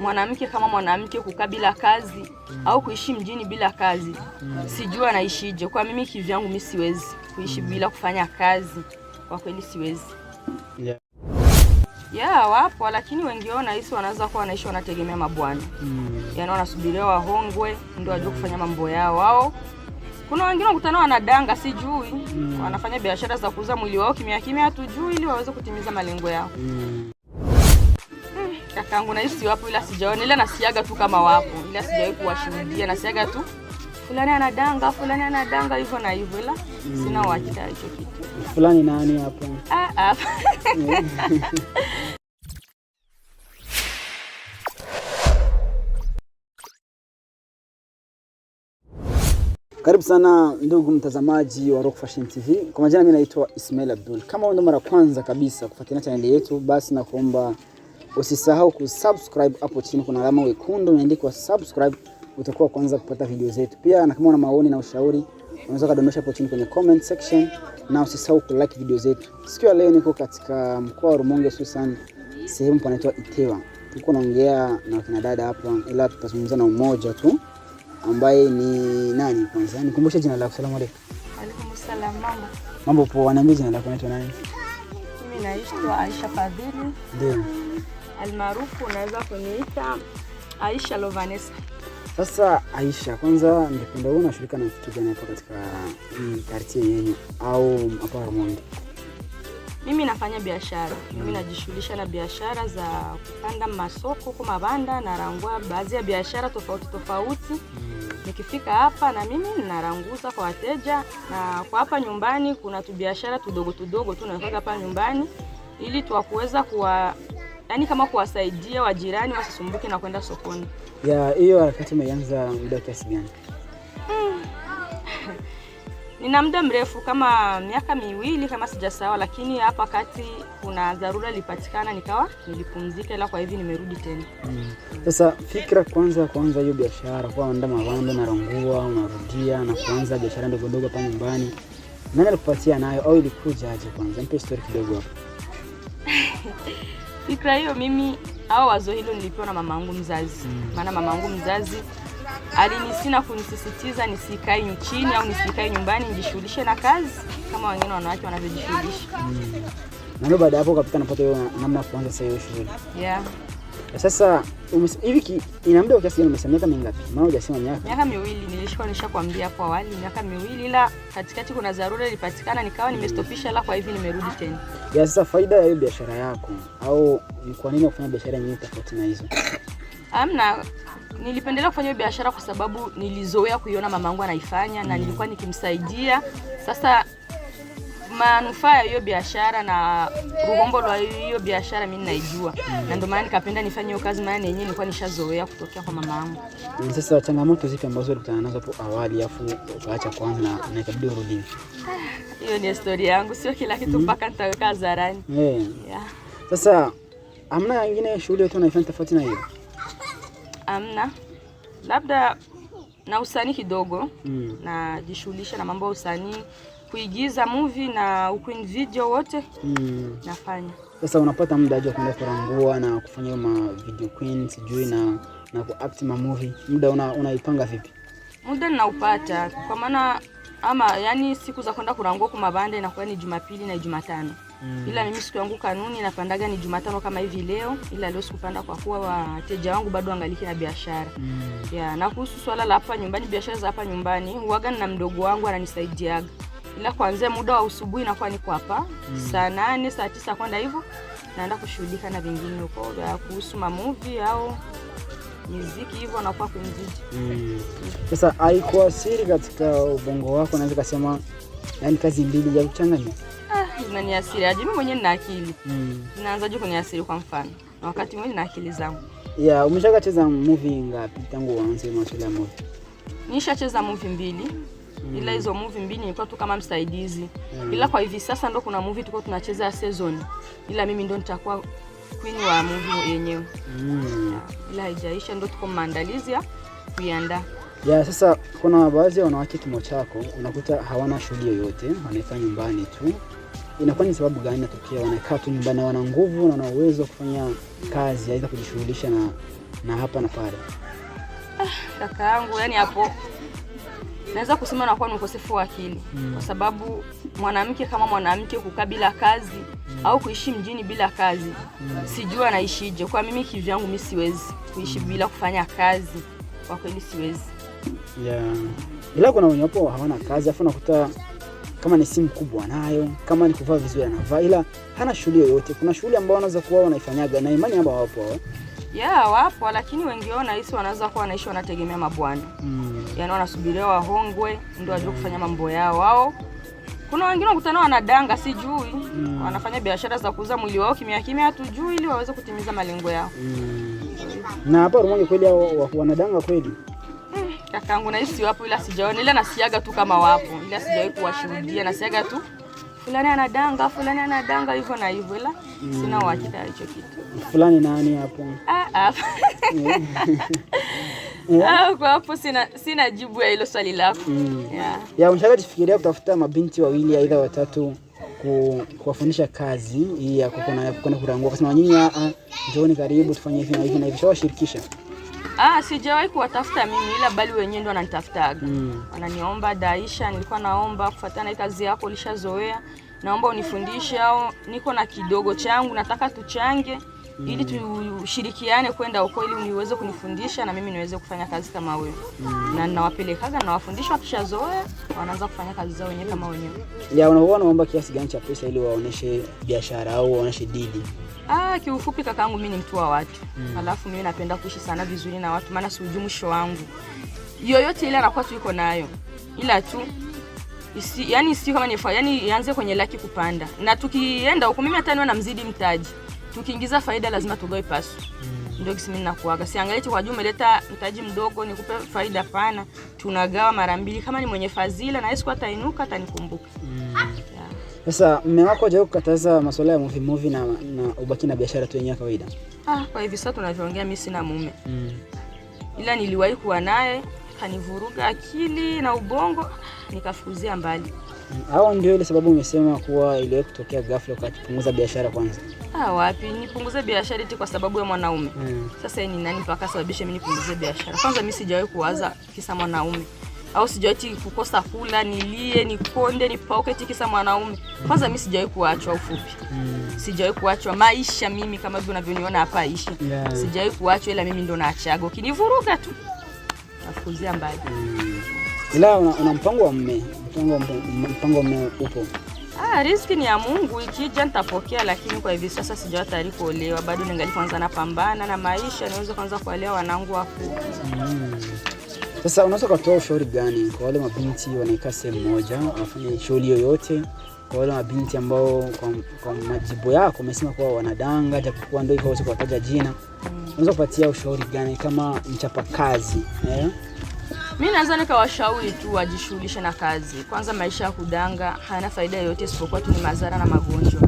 mwanamke kama mwanamke kukaa bila kazi au kuishi mjini bila kazi mm. sijui anaishije. Kwa mimi kivyangu, mi siwezi kuishi bila kufanya kazi, kwa kweli siwezi yeah. Yeah, wapo lakini wengi wao nahisi wanaweza kuwa wanaishi wanategemea mabwana mm. yaani wanasubiria wahongwe ndio wajue kufanya mambo yao wao. Kuna wengine wakutana wanadanga, sijui mm. wanafanya biashara za kuuza mwili wao kimya kimya, hatujui ili waweze kutimiza malengo yao mm tangu naishi wapo, ila sijaona, ila nasiaga tu kama wapo, ila sijawahi kuwashuhudia. Nasiaga tu fulani anadanga, fulani anadanga hivyo na hivyo, ila sina uhakika hicho kitu. Fulani nani hapo? Ah ah. Karibu sana ndugu mtazamaji wa Rock Fashion TV. Kwa majina mimi naitwa Ismail Abdul. Kama wewe ndo mara kwanza kabisa kufuatilia chaneli yetu, basi nakuomba Usisahau kusubscribe hapo chini, kuna alama wekundu imeandikwa subscribe, utakuwa kwanza kupata video zetu. Pia na kama una maoni na ushauri unaweza kadondosha hapo chini kwenye comment section, na usisahau ku like video zetu. Siku ya leo niko katika mkoa wa Rumonge, hususan sehemu panaitwa Itewa. Tuko naongea na kina dada hapa, ila tutazungumza na umoja tu ambaye ni nani. Kwanza nikumbushe jina lako. Salamu alaykum. Alaykum salam mama. Mambo poa, niambie jina lako, unaitwa nani? Mimi naitwa Aisha Fadhili. Ndio almaarufu unaweza kuniita Aisha Lovanesa. Sasa Aisha, kwanza ningependa uone unashirika na kitu gani hapa katika kartie yenu au hapa Mimi nafanya biashara mm. Mimi najishughulisha na biashara za kupanda masoko kwa mabanda, narangua baadhi ya biashara tofauti tofauti hmm. Nikifika hapa na mimi naranguza kwa wateja, na kwa hapa nyumbani kuna tubiashara tudogo tudogo tu nafanya hapa nyumbani ili tuwakuweza kuwa yani kama kuwasaidia wajirani wasisumbuke na kwenda sokoni. Ya hiyo harakati umeanza muda kiasi gani? Mm. Nina muda mrefu kama miaka miwili kama sijasawa, lakini hapa kati kuna dharura ilipatikana, nikawa nilipumzika, ila kwa hivi nimerudi tena. Hmm. Sasa mm. Fikra kwanza kuanza hiyo biashara kwa anda na narangua unarudia na kuanza biashara ndogo ndogo hapa nyumbani, nani alikupatia nayo au ilikujaje? Kwanza mpe story kidogo hapo fikra hiyo mimi au wazo hilo nilipewa na mama yangu mzazi, mm. maana mama yangu mzazi alinisina kunisisitiza nisikae nchini au nisikae nyumbani, nijishughulishe na kazi kama wengine wanawake wanavyojishughulisha. Mm. Na baada ya hapo ukapita napata hiyo namna ya kuanza sasa hiyo shughuli. Yeah. Sasa hivi ina muda kiasi gani umesema miaka mingapi? Maana hujasema miaka. Miaka miwili nilishikuwa nishakwambia hapo awali miaka miwili ila katikati kuna dharura ilipatikana nikawa nimestopisha la kwa hivi nimerudi tena. Ya sasa faida ya hiyo biashara yako au ni kwa nini kufanya biashara nyingine tofauti na hizo? Amna nilipendelea kufanya biashara kwa sababu nilizoea kuiona mamangu anaifanya na mm. nilikuwa nikimsaidia. Sasa manufaa ya hiyo biashara na ruhombo lwa hiyo biashara mimi naijua, na ndio maana nikapenda nifanye hiyo kazi, maana yenyewe nilikuwa nishazoea kutokea kwa mama yangu. Sasa changamoto zipi ambazo ulikutana nazo hapo awali afu ukaacha kwanza na ikabidi urudi? Hiyo ni story yangu, sio kila kitu mm-hmm. mpaka nitaweka hadharani. Eh. Sasa amna nyingine shughuli yote unaifanya tofauti na hiyo? Amna, labda na usanii kidogo, mm. najishughulisha na mambo ya usanii kuigiza movie na ukwin video wote mm. nafanya. Sasa unapata muda aje kwenda kurangua na kufanya ma video queen sijui na na kuact ma movie, muda unaipanga una vipi? Muda ninaupata kwa maana ama yani siku za kwenda kurangua kwa mabanda inakuwa ni Jumapili na Jumatano mm. ila mimi siku yangu kanuni napandaga ni Jumatano kama hivi leo, ila leo sikupanda kwa kuwa wateja wangu bado angaliki na biashara mm. yeah, na kuhusu swala la hapa nyumbani, biashara za hapa nyumbani huaga na mdogo wangu ananisaidiaga ila kuanzia muda wa usubuhi nakuwa niko hapa mm. saa nane saa tisa kwenda hivyo, naenda kushughulika na vingine huko vya kuhusu mamuvi au muziki hivyo, nakuwa kumziji. Mm. Sasa mm. haikuasiri katika ubongo wako, naweza kusema yani kazi mbili za kuchanganya ah, zinaniasiri aje? Mimi mwenyewe nina akili mm. zinaanzaje asiri Kwa mfano na wakati mwingine na akili zangu. ya Yeah, umeshakacheza movie ngapi tangu uanze masuala ya movie? Nishacheza movie mbili mm. ila hizo mm. movie mbili nilikuwa tu kama msaidizi mm. ila kwa hivi sasa ndo kuna movie tuko tunacheza season, ila mimi ndo nitakuwa queen wa movie yenyewe mm. ila haijaisha, ndo tuko maandalizi ya kuiandaa ya sasa. Kuna baadhi ya wanawake kimo chako unakuta hawana shughuli yoyote, wanaifanya nyumbani tu inakuwa ni sababu gani natokea? Wanakaa tu nyumbani, wana nguvu na uwezo wa kufanya kazi, aidha kujishughulisha na, na hapa na pale. Ah, kaka yangu, yani hapo naweza kusema nakuwa ni ukosefu wa akili mm. kwa sababu mwanamke kama mwanamke kukaa bila kazi mm. au kuishi mjini bila kazi mm. sijui anaishije. Kwa mimi kivyangu, mi siwezi kuishi mm. bila kufanya kazi, kwa kweli siwezi yeah. Ila kuna wenye wapo hawana kazi, afu nakuta kama ni simu kubwa nayo, kama ni kuvaa vizuri anavaa, ila hana shughuli yoyote. Kuna shughuli ambao wanaweza kuwa wanaifanyaga na imani ambao wapo yeah, wapo lakini wengi wao nahisi wanaweza kuwa wanaishi wanategemea mabwana mm. Yaani wanasubiria wahongwe ndio wajue kufanya mambo yao wao. Kuna wengine wakutana wanadanga, sijui mm. wanafanya biashara za kuuza mwili wao kimya kimya, hatujui ili waweze kutimiza malengo yao mm. na hapa Rumonge kweli hao wanadanga kweli eh, Kakangu nahisi wapo, ila sijaona, ila nasiaga tu kama wapo, ila sijawahi kuwashuhudia, nasiaga tu fulani anadanga, fulani anadanga hivyo na hivyo, ila mm. sina uhakika hicho kitu. Fulani nani hapo? Ah, ah, Yeah. Ah, kwa hapo sina sina jibu ya hilo swali lako. mm. yeah. ya umshakatifikiria kutafuta mabinti wawili aidha watatu ku, kuwafundisha kazi hii ya kwenda kurangua, kasema nyinyi, ah, ah, njooni karibu tufanye hivi na hivi na hivi, shawashirikisha? Ah, sijawahi kuwatafuta mimi ila bali wenyewe ndo wananitafutaga. Mm. Wananiomba Daisha, nilikuwa naomba kufuatana na kazi yako ulishazoea, naomba unifundishe, au niko na kidogo changu nataka tuchange mm. ili tushirikiane kwenda huko, ili niweze kunifundisha na mimi niweze kufanya kazi kama wewe mm. na nawapelekaga nawafundisha, wakishazoea wanaanza kufanya kazi zao wenyewe kama wenyewe. Ya, unaona naomba kiasi gani cha pesa ili waoneshe biashara au waoneshe didi? Ah, kiufupi kakaangu, mimi ni mtu wa watu mm. alafu mimi napenda kuishi sana vizuri na watu, maana siujui mwisho wangu yoyote ile, anakuwa tu iko nayo ila tu isi, yani si kama nifa, yani ianze kwenye laki kupanda, na tukienda huko mimi hata niwe mzidi mtaji, tukiingiza faida lazima tugawe pasu mm. ndio kisi mimi nakuaga, siangalie kwa juma leta mtaji mdogo nikupe faida pana, tunagawa mara mbili. Kama ni mwenye fadhila na Yesu kwa atainuka atanikumbuka. Mm. Sasa yeah. Mume wako hajawahi kukataza masuala ya movie movie na, na ubaki na biashara tu yenyewe kawaida? Ah, kwa hivi sasa tunavyoongea mimi sina mume mm. ila niliwahi kuwa naye kanivuruga akili na ubongo nikafukuzia mbali. Au ndio ile sababu umesema kuwa iliwahi kutokea ghafla ukapunguza biashara kwanza? Ah, wapi nipunguze biashara eti kwa sababu ya mwanaume hmm. Sasa ni nani mpaka sababisha mimi nipunguze biashara? Kwanza mimi sijawahi kuwaza kisa mwanaume au sijawahi kukosa kula, nilie, nikonde, nipauke eti kisa mwanaume. Kwanza mimi sijawahi kuachwa, ufupi mm. sijawahi kuachwa maisha, mimi kama vile unavyoniona hapa ishi yeah. sijawahi kuachwa, ila mimi ndo naachaga Kinivuruga tu kufukuzia mbali mm. Ila una, una mpango wa mme mpango, mpango wa mme upo? Ah, riziki ni ya Mungu, ikija nitapokea, lakini kwa hivi sasa sijawa tayari kuolewa bado, ningali kwanza napambana na maisha niweze kwanza kuwalea wanangu wakuu mm. Sasa unaweza ukatoa ushauri gani kwa wale mabinti wanaekaa sehemu moja, wafanye shughuli yoyote kwa wale mabinti ambao kwa, kwa majibu yako umesema kuwa wanadanga, japokuwa ndio hivyo, kuwataja jina, mm. unaweza kupatia ushauri gani kama mchapakazi eh? Mimi naanza nikawashauri tu wajishughulishe na kazi. Kwanza, maisha ya kudanga hayana faida yoyote isipokuwa tu ni madhara na magonjwa,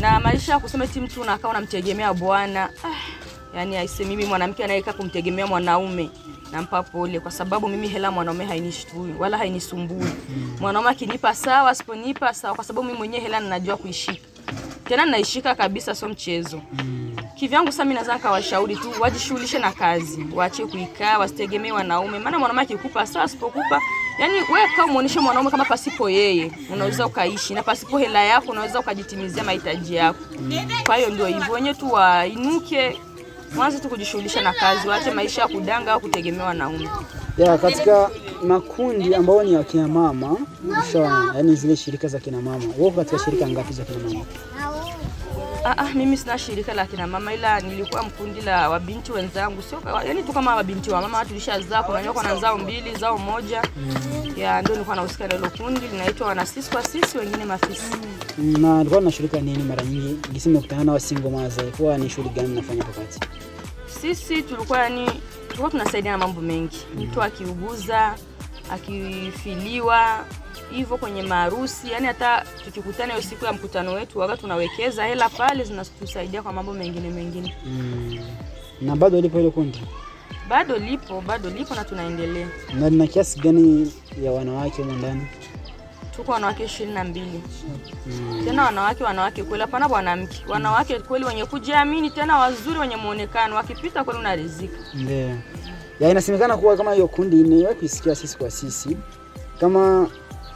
na maisha ya kusema eti mtu unakaa unamtegemea bwana ah, yani aise, mimi mwanamke anayekaa kumtegemea mwanaume nampa pole, kwa sababu mimi hela mwanaume hainishtui wala hainisumbui. Mwanaume akinipa sawa, asiponipa sawa, kwa sababu mimi mwenyewe hela ninajua kuishika, tena naishika kabisa, sio mchezo. Kivyangu sasa, mimi naweza kawashauri tu wajishughulishe na kazi, waache kuikaa, wasitegemee wanaume, maana mwanaume akikupa sawa, asipokupa yani, wewe kama muoneshe mwanaume kama pasipo yeye unaweza ukaishi, na pasipo hela yako unaweza ukajitimizia mahitaji yako. Kwa hiyo ndio hivyo, wenyewe tu wainuke mwanzo tu kujishughulisha na kazi, waache maisha ya kudanga au kutegemewa na umri. Ya katika makundi ambao ni wakina mama ushaona, yani zile shirika za kina mama. Wewe katika shirika ngapi za kina mama? Ah, ah, mimi sina shirika la kina mama ila nilikuwa mkundi la wabinti wenzangu, sio yani tu kama wabinti wa mama, tulishazaa kwa nyoka na zao mbili zao moja mm. ya ndio nilikuwa nahusika na hilo kundi linaitwa wanasisi kwa sisi wengine mafisi mm. Na alikuwa nashirika nini mara nyingi? Ngisema kutana na single mothers, ilikuwa ni shughuli gani nafanya kwa kati? Sisi tulikuwa ni tulikuwa na mambo mengi. Mtu akiuguza, akifiliwa, hivyo kwenye maharusi, yani hata tukikutana hiyo siku ya mkutano wetu waga tunawekeza hela pale zinatusaidia kwa mambo mengine mengine. Mm. Na bado lipo ile kundi? Bado lipo, bado lipo na tunaendelea. Na lina kiasi gani ya wanawake huko ndani? tuko wanawake ishirini na mbili mm. Tena wanawake wanawake kweli, hapana bwanamke, wanawake kweli wenye kujiamini, tena wazuri, wenye muonekano, wakipita kweli unarizika. Ndio ya inasemekana kuwa kama hiyo kundi ine kuisikia sisi kwa sisi kama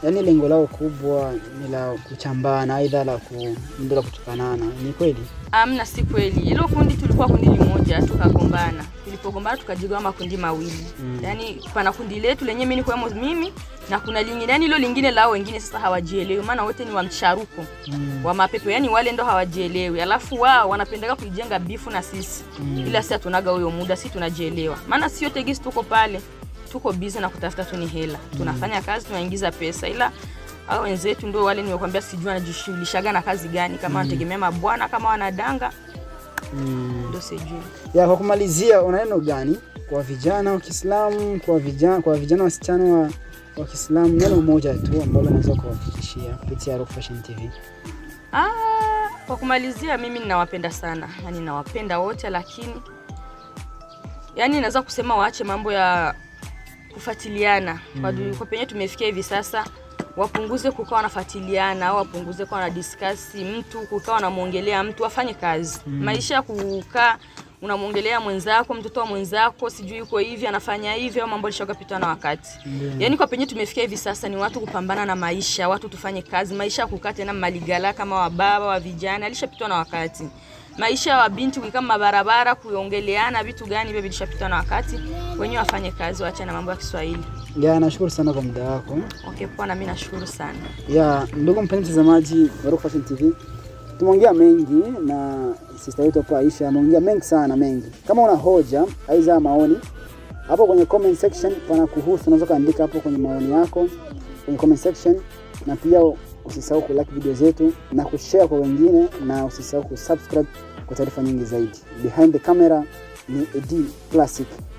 yani lengo lao kubwa ni la kuchambana, aidha la kuendelea kutukanana. Ni kweli? Amna, si kweli. Hilo kundi tulikuwa kundi limoja tukagombana tulipogombana tukajigawa makundi mawili mm. Yani pana kundi letu lenye mimi nikuwemo mimi na kuna lingine, yani hilo lingine lao wengine sasa hawajielewi, maana wote ni wa mcharuko mm. wa mapepo, yani wale ndo hawajielewi, alafu wao wanapendaga kuijenga bifu na sisi mm. ila sisi hatunaga huyo muda, sisi tunajielewa, maana sio tegisi, tuko pale tuko busy na kutafuta tu ni hela mm. tunafanya kazi tunaingiza pesa, ila hao wenzetu ndio wale nimekwambia, sijui anajishughulishaga na kazi gani, kama mm. wanategemea mm. mabwana kama wanadanga Hmm. ndio sijui. Ya kwa kumalizia, una neno gani kwa vijana wa Kiislamu, kwa vijana kwa vijana wasichana wa, wa Kiislamu? Neno moja tu ambalo naweza kuwafikishia kupitia Rock Fashion TV. Ah, kwa kumalizia, mimi ninawapenda sana, yaani ninawapenda wote, lakini yaani naweza kusema waache mambo ya kufuatiliana kwa hmm. penye tumefikia hivi sasa wapunguze kukaa wanafuatiliana au wapunguze kuwa wanadiskasi mtu kukaa wanamwongelea mtu, wafanye kazi mm. Maisha ya kukaa unamwongelea mwenzako, mtoto wa mwenzako, sijui yuko hivi anafanya hivi, au mambo alishakapitwa na wakati mm. Yani kwa penye tumefikia hivi sasa ni watu kupambana na maisha, watu tufanye kazi. Maisha ya kukaa tena maligala kama wababa wa vijana alishapitwa na wakati maisha wa binti kama mabarabara kuongeleana vitu gani, vile vilishapita na wakati. Wenyewe wafanye kazi, waache na mambo ya Kiswahili. Ya, nashukuru sana kwa muda wako. Okay, poa na mimi nashukuru sana. Ya, ndugu mpenzi mtazamaji wa Rock Fashion TV. Tumeongea mengi na sister yetu hapo Aisha, ameongea mengi sana mengi. Kama una hoja aiza maoni hapo kwenye comment section pana kuhusu, unaweza kaandika hapo kwenye maoni yako kwenye comment section, na pia usisahau ku like video zetu na kushare kwa wengine, na usisahau ku subscribe kwa taarifa nyingi zaidi. Behind the camera ni Edi Classic.